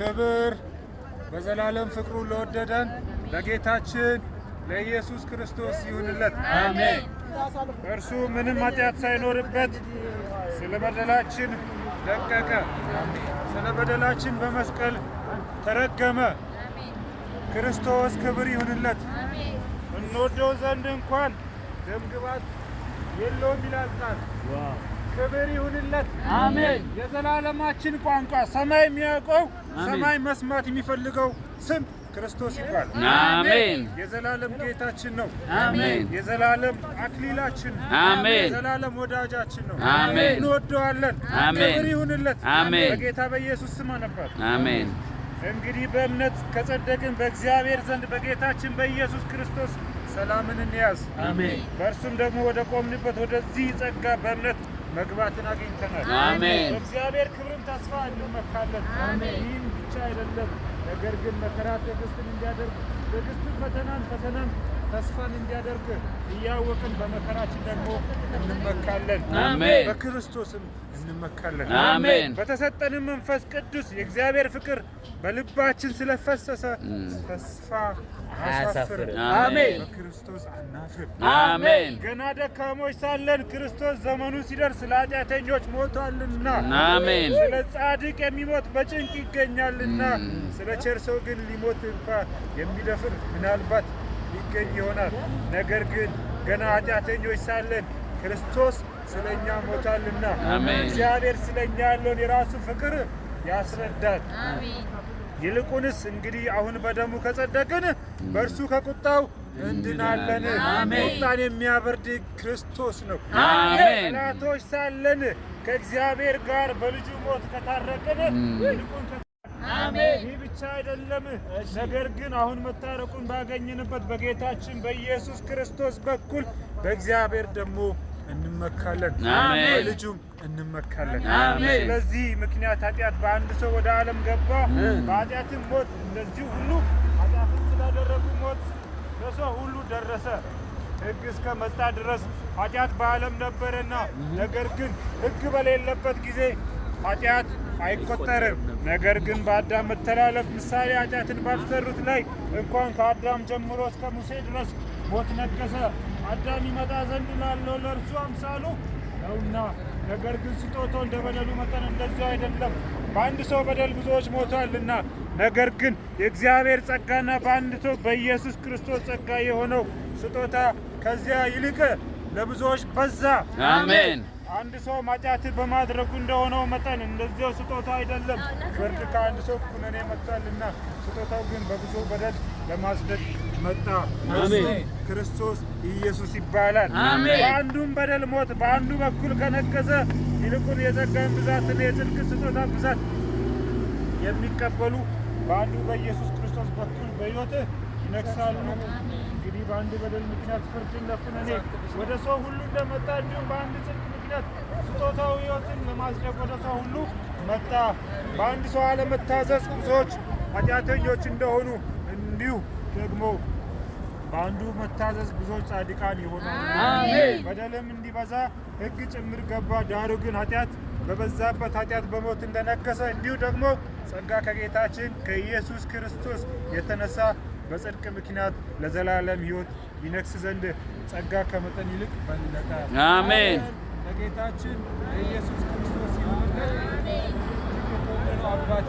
ክብር በዘላለም ፍቅሩ ለወደደን ለጌታችን ለኢየሱስ ክርስቶስ ይሁንለት፣ አሜን። እርሱ ምንም ኃጢአት ሳይኖርበት ስለ በደላችን ደቀቀ፣ ስለ በደላችን በመስቀል ተረገመ። ክርስቶስ ክብር ይሁንለት። እንወደው ዘንድ እንኳን ደምግባት የለውም ይላል ቃል። ክብር ይሁንለት፣ አሜን። የዘላለማችን ቋንቋ ሰማይ የሚያውቀው ሰማይ መስማት የሚፈልገው ስም ክርስቶስ ይባል። አሜን። የዘላለም ጌታችን ነው። አሜን። የዘላለም አክሊላችን ነው። አሜን። የዘላለም ወዳጃችን ነው። አሜን። እንወደዋለን። አሜን። ክብር ይሁንለት። አሜን። በጌታ በኢየሱስ ስም አነባል። አሜን። እንግዲህ በእምነት ከጸደቅን በእግዚአብሔር ዘንድ በጌታችን በኢየሱስ ክርስቶስ ሰላምን እንያዝ። አሜን። በእርሱም ደግሞ ወደ ቆምንበት ወደዚህ ጸጋ በእምነት መግባትን አግኝተናል። አሜን። በእግዚአብሔር ክብርን ተስፋ እንመካለን። አሜን። ብቻ አይደለም፣ ነገር ግን መከራ ትዕግስትን እንዲያደርግ ትዕግስትን ፈተናን ፈተናን ተስፋን እንዲያደርግ እያወቅን በመከራችን ደግሞ እንመካለን፣ በክርስቶስም እንመካለን። አሜን። በተሰጠንም መንፈስ ቅዱስ የእግዚአብሔር ፍቅር በልባችን ስለፈሰሰ ተስፋ አያሳፍርም። አሜን። በክርስቶስ አናፍርም። አሜን። ገና ደካሞች ሳለን ክርስቶስ ዘመኑ ሲደርስ ለኃጢአተኞች ሞቷልና፣ አሜን። ስለ ጻድቅ የሚሞት በጭንቅ ይገኛልና፣ ስለ ቸር ሰው ግን ሊሞት እንኳ የሚደፍር ምናልባት ይገኝ ይሆናል። ነገር ግን ገና ኃጢአተኞች ሳለን ክርስቶስ ስለ እኛ ሞታልና እግዚአብሔር ስለ እኛ ያለውን የራሱ ፍቅር ያስረዳል። ይልቁንስ እንግዲህ አሁን በደሙ ከጸደቅን በእርሱ ከቁጣው እንድናለን። ቁጣን የሚያበርድ ክርስቶስ ነው። ጠላቶች ሳለን ከእግዚአብሔር ጋር በልጁ ሞት ከታረቅን ይህ ብቻ አይደለም፣ ነገር ግን አሁን መታረቁን ባገኘንበት በጌታችን በኢየሱስ ክርስቶስ በኩል በእግዚአብሔር ደግሞ እንመካለን ልጁም እንመካለን። ስለዚህ ምክንያት ኃጢአት በአንድ ሰው ወደ ዓለም ገባ፣ በኃጢአትም ሞት። እንደዚህ ሁሉ ኃጢአትን ስላደረጉ ሞት ለሰው ሁሉ ደረሰ። ሕግ እስከ መጣ ድረስ ኃጢአት በዓለም ነበረና፣ ነገር ግን ሕግ በሌለበት ጊዜ ኃጢአት አይቆጠርም። ነገር ግን በአዳም መተላለፍ ምሳሌ ኃጢአትን ባልሰሩት ላይ እንኳን ከአዳም ጀምሮ እስከ ሙሴ ድረስ ሞት ነገሰ። አዳም ይመጣ ዘንድ ላለው ለእርሱ አምሳሉ ነውና። ነገር ግን ስጦታው እንደ በደሉ መጠን እንደዚሁ አይደለም። በአንድ ሰው በደል ብዙዎች ሞቷልና፣ ነገር ግን የእግዚአብሔር ጸጋና በአንድ ሰው በኢየሱስ ክርስቶስ ጸጋ የሆነው ስጦታ ከዚያ ይልቅ ለብዙዎች በዛ። አሜን። አንድ ሰው ማጫት በማድረጉ እንደሆነው መጠን እንደዚያው ስጦታ አይደለም። ፍርድ ከአንድ ሰው ኩነኔ መጥቷልና ስጦታው ግን በብዙ በደል ለማስደድ መጣ። አሜን። ክርስቶስ ኢየሱስ ይባላል። አሜን። በአንዱም በደል ሞት በአንዱ በኩል ከነገሰ ይልቁን የጸጋን ብዛትና የጽድቅ ስጦታ ብዛት የሚቀበሉ በአንዱ በኢየሱስ ክርስቶስ በኩል በሕይወትህ ይነግሳሉ። እንግዲህ በአንድ በደል ምክንያት ፍርድን ለኩነኔ ወደ ሰው ሁሉ እንደመጣ እንዲሁም በአንድ ጽድቅ ምክንያት ስጦታው ሕይወትን ለማጽደቅ ወደ ሰው ሁሉ መጣ። በአንድ ሰው አለመታዘዝ ብዙዎች ኃጢአተኞች እንደሆኑ እንዲሁ ደግሞ በአንዱ መታዘዝ ብዙዎች ጻድቃን ይሆናሉ። በደልም እንዲበዛ ህግ ጭምር ገባ። ዳሩ ግን ኃጢአት በበዛበት ኃጢአት በሞት እንደነገሰ እንዲሁ ደግሞ ጸጋ ከጌታችን ከኢየሱስ ክርስቶስ የተነሳ በጽድቅ ምክንያት ለዘላለም ህይወት ይነግስ ዘንድ ጸጋ ከመጠን ይልቅ በለጠ። አሜን። ለጌታችን ለኢየሱስ ክርስቶስ ይሁንልን። አባቴ